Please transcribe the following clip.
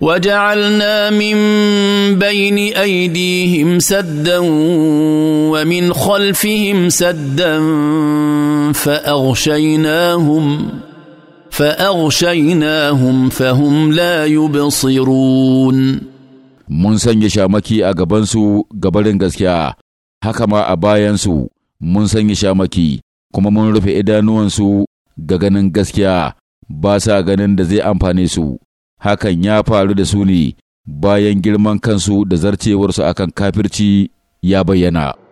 وجعلنا من بين ايديهم سدا ومن خلفهم سدا فاغشيناهم فاغشيناهم فهم لا يبصرون mun sanya shamaki a gabansu gabarin gaskiya haka ma a bayansu mun sanya shamaki kuma mun rufe idanuwansu ga ganin gaskiya ba sa ganin da zai amfane su hakan ya faru da su ne bayan girman kansu da zarcewarsu akan kafirci ya bayyana.